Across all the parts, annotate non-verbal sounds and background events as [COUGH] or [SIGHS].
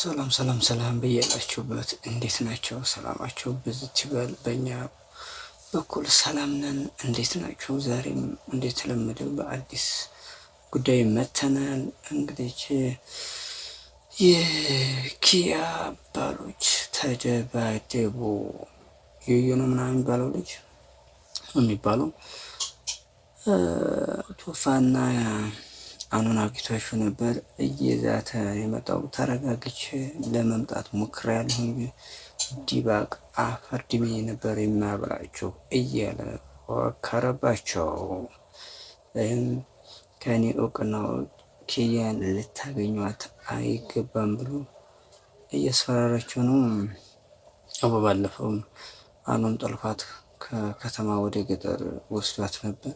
ሰላም ሰላም ሰላም በያላችሁበት እንዴት ናቸው? ሰላማቸው ብዝት ይበል። በእኛ በኩል ሰላም ነን። እንዴት ናቸው? ዛሬም እንደተለመደው በአዲስ ጉዳይ መተናል። እንግዲህ የኪያ ባሎች ተደባደቡ። የየኑ ምናምን የሚባለው ልጅ የሚባለው ቶፋና ሕፃኑን አኪቷሹ ነበር እየዛተ የመጣው። ተረጋግቼ ለመምጣት ሙክራ ያለሁኝ ዲባቅ አፈር ድሜ ነበር የማያበላቸው እያለ ወከረባቸው። ይህም ከኔ እውቅናው ኬያን ልታገኟት አይገባም ብሎ እያስፈራራቸው ነው። አቦ ባለፈውም አኑን ጠልፋት ከከተማ ወደ ገጠር ወስዷት ነበር።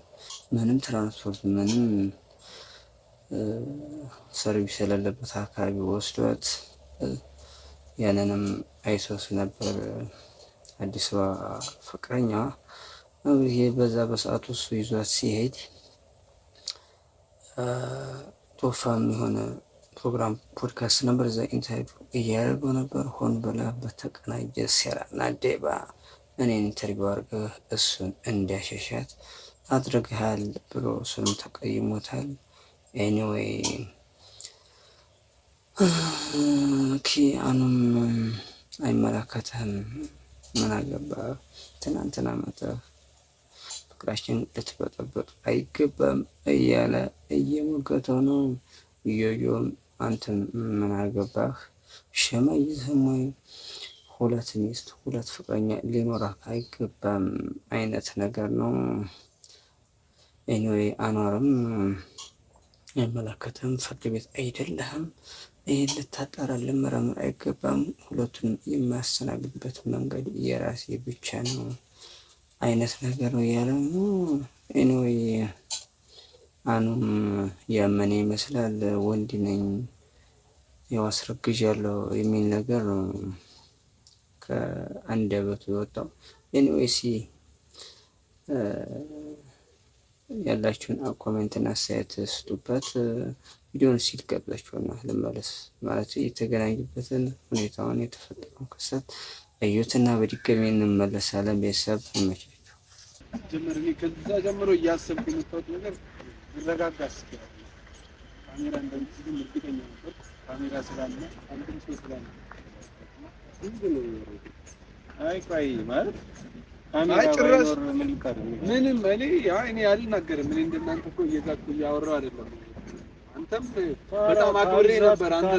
ምንም ትራንስፖርት ምንም ሰርቪስ የሌለበት አካባቢ ወስዷት ያንንም አይሶስ ነበር አዲስ አበባ ፍቅረኛዋ ይሄ በዛ በሰዓቱ እሱ ይዟት ሲሄድ ቶፋም የሆነ ፕሮግራም ፖድካስት ነበር። እዛ ኢንተርቪው እያደረገው ነበር። ሆን ብላ በተቀናጀ ሴራ እና ደባ እኔን ኢንተርቪው አድርገህ እሱን እንዲያሸሻት አድርገሃል ብሎ እሱንም ተቀይሞታል። ኤኒዌይ ኪያኑም [SIGHS] አይመለከትህም። ምን አገባህ? ትናንትና መጥተህ ፍቅራችን ልትበጠበጥ አይገባም እያለ እየሞገተው ነው። እዮዮም አንተም ምን አገባህ? ሸመይዝህም ወይ ሁለት ሚስት ሁለት ፍቅረኛ ሊኖራት አይገባም አይነት ነገር ነው። ኤኒዌይ አኗርም ሰዎችን አያመላክትም። ፍርድ ቤት አይደለህም። ይህን ልታጣራ ልመረምር አይገባም። ሁለቱንም የማያስተናግድበት መንገድ የራሴ ብቻ ነው አይነት ነገር ነው ያለው። ኤኒዌይ አኑም ያመነ ይመስላል። ወንድ ነኝ ያው አስረግዥ ያለው የሚል ነገር ነው ከአንደበቱ የወጣው። ኤኒዌይ ሲ ያላችሁን ኮሜንትና አስተያየት ስጡበት። ቪዲዮን ሲል ቀጥላችኋልና ልመለስ ማለት የተገናኙበትን ሁኔታውን የተፈጠረውን ክስተት እዩትና በድጋሚ እንመለሳለን። ቤተሰብ ይመቻችሁ። ጀምር ከዛ ጀምሮ እያሰብኩ የመጣሁት ነገር ይረጋጋ ካሜራ እንደምትይዝ እርግጠኛ ነበር። ካሜራ ስላለ አንድም ሰው ስላለ አይ ቆይ ማለት ጭራሽ ምንም እኔ እኔ አልናገርም። እኔ እንደናንተ እኮ እየዛኩ እያወራሁ አይደለም። አንተም በጣም አክብሬ ነበር። አንተ አንተን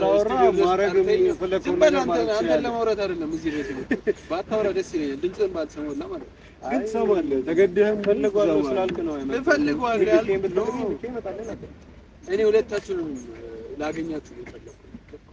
ለማውራት አይደለም እዚህ ድረስ ባታወራ ደስ ይለኛል። ድምፅህን ባልሰማሁ ማለት ነው። ግን ትሰማለህ። ተገድህም እፈልገዋለሁ ስላልክ ነው እፈልገዋለሁ። እኔ ሁለታችሁንም ላገኛችሁ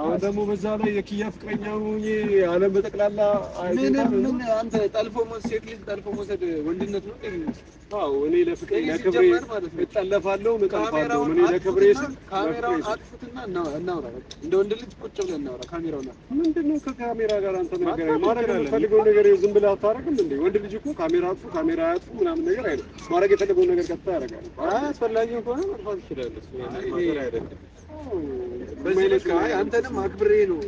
አሁን ደግሞ በዛ ላይ የኪያ ፍቅረኛ ሆኜ አለም በጠቅላላ ምንም ምን አንተ ጠልፎ መውሰድ ሴት ልጅ ጠልፎ መውሰድ ወንድነት ነው እንዴ? አዎ እኔ ለፍቅሬ ለክብሬ እጠለፋለሁ፣ እጠልፋለሁ። እኔ ለክብሬ ስል ካሜራውን አጥፉትና እናውራ፣ እንደ ወንድ ልጅ ቁጭ ብለን እናውራ። ካሜራውን ምንድነው ከካሜራ ጋር አንተ ነገር ማድረግ የምፈልገው ነገር ዝም ብለህ አታደርግም እንዴ? ወንድ ልጅ እኮ ካሜራ አጥፉ ካሜራ አጥፉ ምናምን ነገር አይደለም። ማድረግ የፈለገውን ነገር ቀጥታ ያደርጋል። አስፈላጊ ከሆነ መጥፋት ይችላል። እሱ ነገር አይደለም በዚህ ልክ አንተንም አክብሬ ነው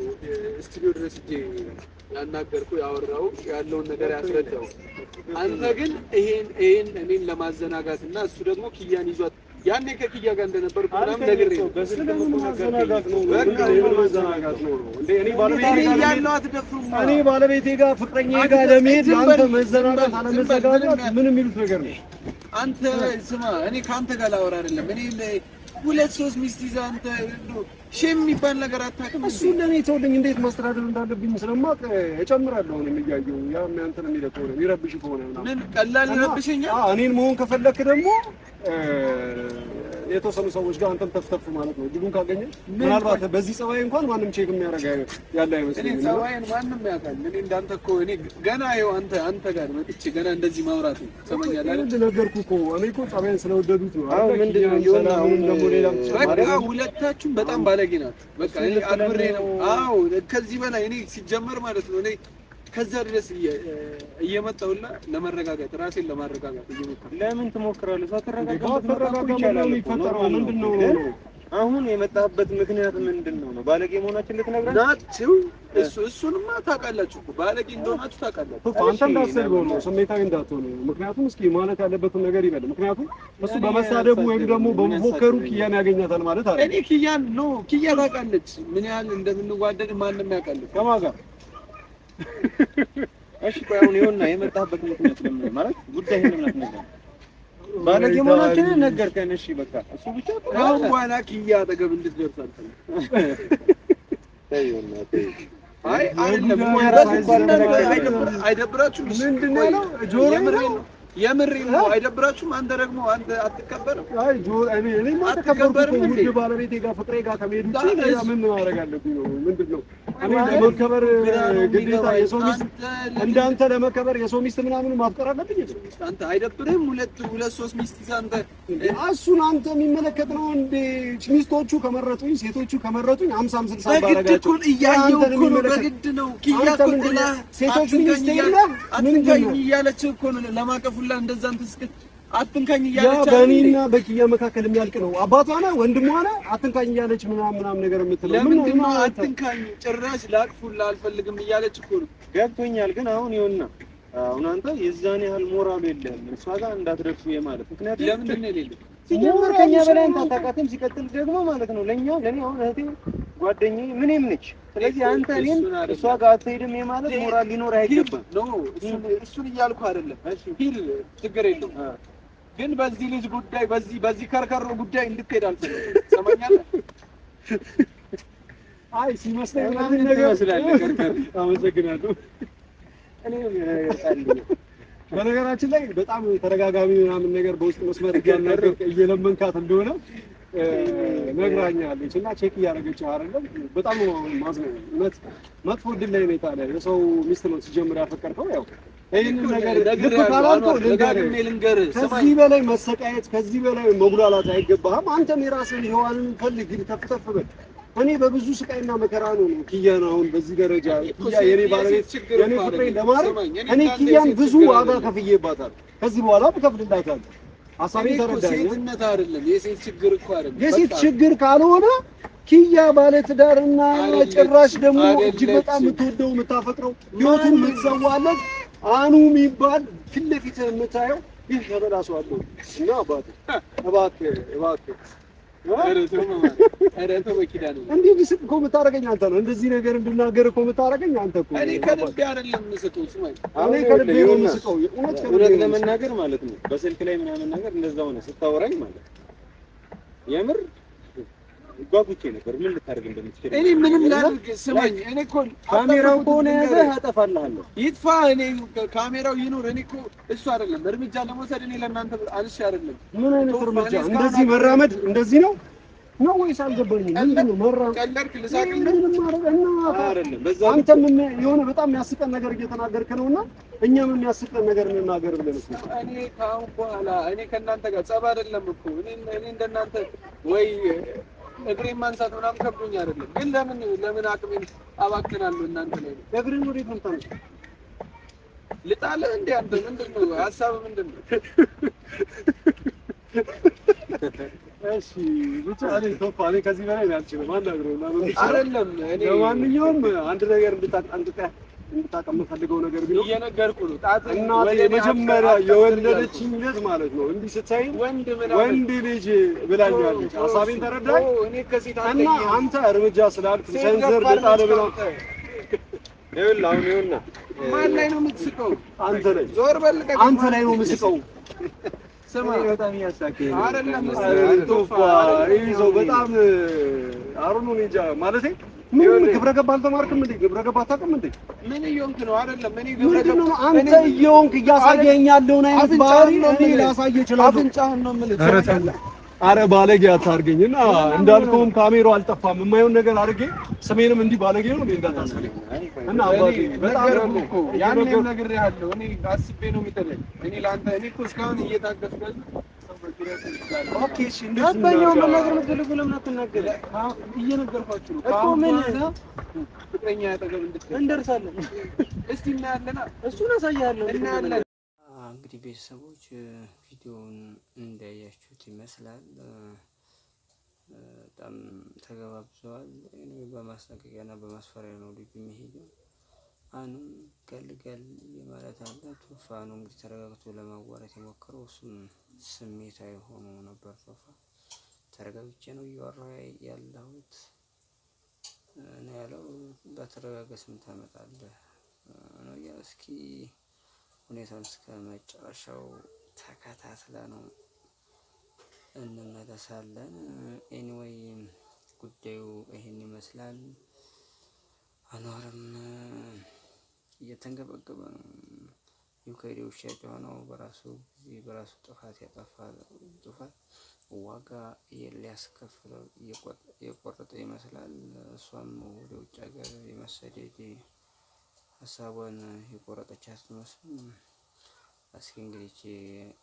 ስቱዲዮ ድረስ እጄ ያናገርኩ ያወራው ያለውን ነገር ያስረዳው። አንተ ግን ይሄን ይሄን እኔን ለማዘናጋት እና እሱ ደግሞ ክያን ይዟት ያኔ ከክያ ጋር እንደነበር ምናምን ነገር ነው። ባለቤቴ ጋር ፍቅረኛ ጋር ለመሄድ አንተ መዘናጋት አለመዘጋጋት ምን የሚሉት ነገር ነው? አንተ ስማ፣ እኔ ከአንተ ጋር ላወራ አይደለም እኔ ሁለት ሶስት ሚስት ይዛ አንተ ሼም የሚባል ነገር አታውቅም። እሱ ለእኔ ተውልኝ፣ እንዴት ማስተዳደር እንዳለብኝ ስለማውቅ እጨምራለሁ። አሁንም እያየሁ ያ አንተን የሚለው ከሆነ የሚረብሽ ከሆነ ምን ቀላል ይረብሽኛል። እኔን መሆን ከፈለክ ደግሞ የተወሰኑ ሰዎች ጋር አንተም ተፍተፍ ማለት ነው። እድሉን ካገኘ ምናልባት በዚህ ጸባይ እንኳን ማንም ቼክ የሚያደርግ ያለ አይመስለኝም። ጸባይን ማንም ያውቃል። እኔ እንዳንተ እኮ እኔ ገና ይኸው አንተ አንተ ጋር መጥቼ ገና እንደዚህ ማውራት ነው ሰማኛለህ። ነገርኩህ እኮ እኔ እኮ ጸባይን ስለወደዱት ነው። አሁን ምንድን ነው የሆነ አሁን ደግሞ ሌላ በቃ ሁለታችሁም በጣም ባለጌ ናት። በቃ እኔ ነው። አዎ ከዚህ በላይ እኔ ሲጀመር ማለት ነው እኔ ከዛ ድረስ እየመጣሁና ለመረጋጋት ራሴን ለማረጋጋት እየሞከርኩ ለምን ትሞክራለህ? ሳትረጋጋ ይቻላል። ምንድነው አሁን የመጣህበት ምክንያት ምንድነው ነው? ባለጌ መሆናችን ልትነግረን ናችሁ? እሱ እሱንማ ታውቃላችሁ እኮ ባለጌ እንደሆናችሁ ታውቃላችሁ። አንተ እንዳሰብከው ነው፣ ስሜታዊ እንዳትሆን ነው። ምክንያቱም እስኪ ማለት ያለበትን ነገር ይበል። ምክንያቱም እሱ በመሳደቡ ወይም ደግሞ በመፎከሩ ኪያን ያገኛታል ማለት አይደል? እኔ ኪያን ነው ኪያ ታውቃለች ምን ያህል እንደምንዋደድ ማንም ያውቃል ከማን ጋር [LAUGHS] እሺ ቆይ አሁን ይኸውና የመጣህበት ምክንያት ለምን ማለት ጉዳይ ምን ምክንያት ባለጌ መሆናችንን ነገርከን። እሺ በቃ እሱ ብቻ ካሁን በኋላ ኪያ አጠገብ እንድትደርስ አልፈልግም። አይ አይደብራችሁም? ምንድን ነው ጆሮ ነው ነው። አይደብራችሁም? አንተ ደግሞ አንተ አትከበርም? አይ ጆሮ እኔ እኔ ማተከበርኩ ውድ ባለቤቴ ጋር ፍቅሬ ጋር ከመሄድ ምን ማድረግ አለብኝ ነው ምንድን ነው ለመከበር ግዴታ የሰው ሚስት እንዳንተ ለመከበር የሰው ሚስት ምናምን ማፍቀር አለብኝ? አንተ አይደብርህም? ሁለት ሁለት ሶስት ሚስት ይዘህ አንተ እሱን አንተ የሚመለከት ነው እንዴ? ሚስቶቹ ከመረጡኝ፣ ሴቶቹ ከመረጡኝ አምሳም ስልሳ ባረጋቸው እያየሁ እኮ ነው። በግድ ነው ሴቶች ሚስት የለም ምን እያለችህ እኮ ነው ለማቀፍ እንደዛ እንትን እስክት አትንካኝ እያለች በእኔና በኪያ መካከል የሚያልቅ ነው። አባቷ ሆነ ወንድም ሆነ አትንካኝ እያለች ምናምን ምናምን ነገር የምትለው ለምንድን ነው? አትንካኝ ጭራሽ ላቅፉላ አልፈልግም እያለች እኮ ነው። ገብቶኛል። ግን አሁን ይሁንና አሁን አንተ የዛን ያህል ሞራሉ የለህም እሷ ጋር እንዳትደርሱ የማለት ምክንያቱም ለምንድን ነው የሌለው ሲጀምር ከኛ በላይ አንተ አታውቃትም። ሲቀጥል ደግሞ ማለት ነው ለኛ ለኔ አሁን እህቴ ጓደኛዬ ምንም ነች። ስለዚህ አንተ እኔን እሷ ጋር አትሄድም የማለት ሞራል ሊኖር አይገባም። እሱን እያልኩ አይደለም። እሺ ሂድ ችግር የለውም ግን በዚህ ልጅ ጉዳይ በዚህ በዚህ ከርከሮ ጉዳይ እንድትሄድ አልፈልግም። ትሰማኛለህ? አይ ሲመስለኝ ምናምን ነገር ስላለ አመሰግናለሁ። በነገራችን ላይ በጣም ተደጋጋሚ ምናምን ነገር በውስጥ መስመር እያናገር እየለመንካት እንደሆነ ነግራኛለች እና ቼክ እያደረገች አይደለም። በጣም ማዝነው እውነት መጥፎ ድል ላይ ነው የታለ የሰው ሚስት ነው ሲጀምር ያፈቀርከው ያው ከዚህ በላይ መሰቃየት፣ ከዚህ በላይ መጉላላት አይገባህም። አንተም የራስን ሔዋንን ፈልግ ተፍተፍ በል። እኔ በብዙ ስቃይና መከራ ነው ኪያን አሁን በዚህ ደረጃ ኪያ የኔ ባለቤት የኔ ፍቅሬ ለማድረግ እኔ ኪያን ብዙ ዋጋ ከፍዬባታል። ከዚህ በኋላ ብከፍልላታለሁ። አሳቢ ተረዳኝ። አይደለም የሴት ችግር እኮ አይደለም። የሴት ችግር ካልሆነ ኪያ ባለ ጭራሽ ደግሞ እጅግ በጣም የምትወደው የምታፈቅረው ህይወቱን የምትሰዋለት አኑ የሚባል ፊት ለፊት የምታየው ይህ ሸረዳ ሰው አለው እና አባቴ እባክህ እባክህ እንዲህ ብስጥ እኮ የምታደርገኝ አንተ ነው። እንደዚህ ነገር እንድናገር እኮ የምታደርገኝ አንተ እኮ እኔ ከልቤ አይደለም የምስጠው የምስጠው እውነት ለመናገር ማለት ነው። በስልክ ላይ ምናምን ነገር እንደዛ ሆነ ስታወራኝ ማለት የምር ጓጉቼ ነበር። ምን ልታደርግ እንደምትችል እኔ ምንም ላድርግ። ስማኝ፣ እኔ እኮ ካሜራው ከሆነ ያዘህ አጠፋልሃለሁ። ይጥፋ፣ እኔ ካሜራው ይኑር። እኔ እኮ እሱ አይደለም እርምጃ ለመውሰድ እኔ ለእናንተ አንሽ አይደለም። ምን አይነት እርምጃ? እንደዚህ መራመድ እንደዚህ ነው ነው ወይስ አልገባኝም። ምንድን ነው መራ ቀለድክ? ልሳቅ አንተም የሆነ በጣም የሚያስቀን ነገር እየተናገርክ ነው እና እኛም የሚያስቀን ነገር እንናገር ብለን እኮ እኔ ከአሁን በኋላ እኔ ከእናንተ ጋር ጸብ አይደለም እኮ እኔ እንደናንተ ወይ እግሬን ማንሳት ምናምን ከብዶኝ አይደለም። ግን ለምን ለምን አቅሜን አባክናለሁ እናንተ ላይ ነው። እግሬን ወዴት ነው ታውቁ? ልጣልህ አንተ ምንድን ነው ሀሳብ ምንድን ነው? እሺ ብቻ እኔ ቶፕ እኔ ከዚህ በላይ አልችልም። አንድ አግሮ አይደለም። እኔ ለማንኛውም አንድ ነገር እንድታጣ እንድታውቅ የምፈልገው ነገር ቢሆን እየነገርኩህ ነው። ጣት እናቴ መጀመሪያ የወለደችኝ ልጅ ማለት ነው። እንዲህ ስታይ ወንድ ልጅ ብላኛለች። ሀሳቤን ተረዳኝ እና አንተ እርምጃ ስላልክ ሰንዘር ገጣለ ብላ ይኸውልህ፣ አሁን ይኸውልህ፣ ማን ላይ ነው የምትስቀው? አንተ ላይ ዞር በል፣ አንተ ላይ ነው የምትስቀው። ስማ፣ በጣም እያሳቀኝ አይደለም። ቶፋ በጣም አሩኑን እንጃ ማለቴ ምን ግብረ ገባ አልተማርክም እንዴ? ግብረ ገባ አታውቅም እንዴ? ምን እየሆንክ ነው? አይደለም እኔ ግብረ ገባ ነው። አንተ እየሆንክ እያሳየኝ ያለውን አይነት ባህሪ እኔ ላሳየህ እችላለሁ። አፍንጫህን ነው የምልህ። አረ ባለጌ አታርገኝ እና እንዳልከውም ካሜራው አልጠፋም። የማይሆን ነገር አድርጌ ስሜንም እንዲህ ባለጌ ነው እንዳታስብልኝ እና አባቴ በጣም ያንንም ነግሬሃለሁ። እኔ አስቤ ነው የሚጠለኝ። እኔ ለአንተ እኔ እኮ እስካሁን እየታገስኩ አባኛውን መናገር የምትፈልጉ ለምን አትናገር? እየነገርኳችሁ ነው እኮ። ምን ፍቅረኛ ያጠገብ እንደርሳለን። እስቲ እናያለና እሱን አሳያለሁ። እናያለን። እንግዲህ ቤተሰቦች ቪዲዮውን እንዳያችሁት ይመስላል። በጣም ተገባብዘዋል። በማስጠንቀቂያና በማስፈሪያ ነው ልጁ የሚሄደው። አኑም ገልገል ማለት አለ። ቱፋኑ እንግዲህ ተረጋግቶ ለማዋራት የሞከረው እሱም ስሜታዊ ሆኖ ነበር ሶፋ። ተረጋግቼ ነው እያወራሁ ያለሁት ነው ያለው። በተረጋጋ ስም ታመጣለህ ነው ያው። እስኪ ሁኔታውን እስከ መጨረሻው ተከታትለ ነው እንመለሳለን። ኤኒዌይ ጉዳዩ ይሄን ይመስላል። አኗርም እየተንገበገበ ነው። ዩክሬዲው ሻጭ የሆነው በራሱ ጊዜ በራሱ ጥፋት ያጠፋ ጥፋት ዋጋ ሊያስከፍለው የቆረጠ ይመስላል። እሷም ወደ ውጭ ሀገር የመሰደድ ሀሳቧን የቆረጠች አትመስልም። እስኪ እንግዲህ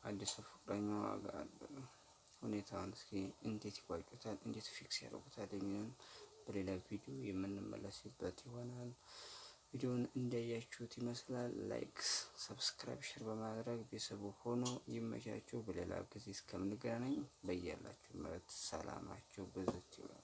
አዲስ ፍቅረኛዋ ጋር ሁኔታውን እስኪ እንዴት ይቋጩታል፣ እንዴት ፊክስ ያደርጉታል የሚሆን በሌላ ቪዲዮ የምንመለስበት ይሆናል። ቪዲዮውን እንዳያችሁት ይመስላል። ላይክ፣ ሰብስክራይብ፣ ሼር በማድረግ ቤተሰቡ ሆኖ ይመቻችሁ። በሌላ ጊዜ እስከምንገናኝ በያላችሁበት ሰላማችሁ ብዙት ይበል።